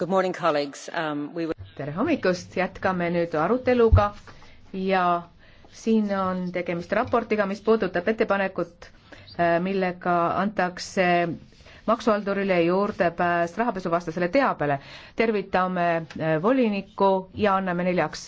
Um, tere hommikust, jätkame nüüd aruteluga ja siin on tegemist raportiga, mis puudutab ettepanekut, äh, millega antakse maksuhaldurile juurdepääs rahapesuvastasele teabele. tervitame äh, volinikku ja anname neljaks